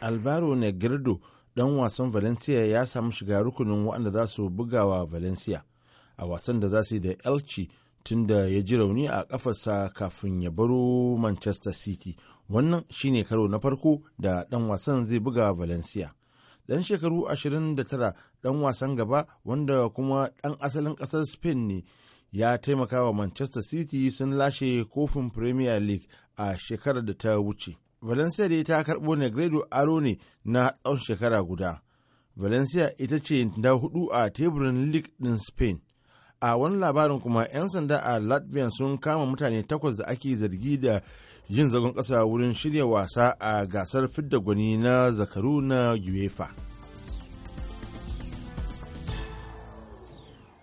alvaro negredo dan wasan valencia ya samu shiga rukunin waɗanda za su buga valencia a wasan da za su yi da elci tun da ya ji rauni a ƙafarsa kafin ya baro manchester city wannan shine karo na farko da dan wasan zai buga valencia dan shekaru 29 dan wasan gaba wanda kuma dan asalin ƙasar spain ne ya taimaka wa manchester city sun lashe kofin premier league a shekarar da ta wuce valencia dai ta karɓo negredo aro ne na tsawon shekara guda valencia ita ce da hudu a teburin league din spain a wani labarin kuma 'yan sanda a latvia sun kama mutane takwas da ake zargi da yin zagon ƙasa wurin shirya wasa a gasar fidda gwani na zakaru na uefa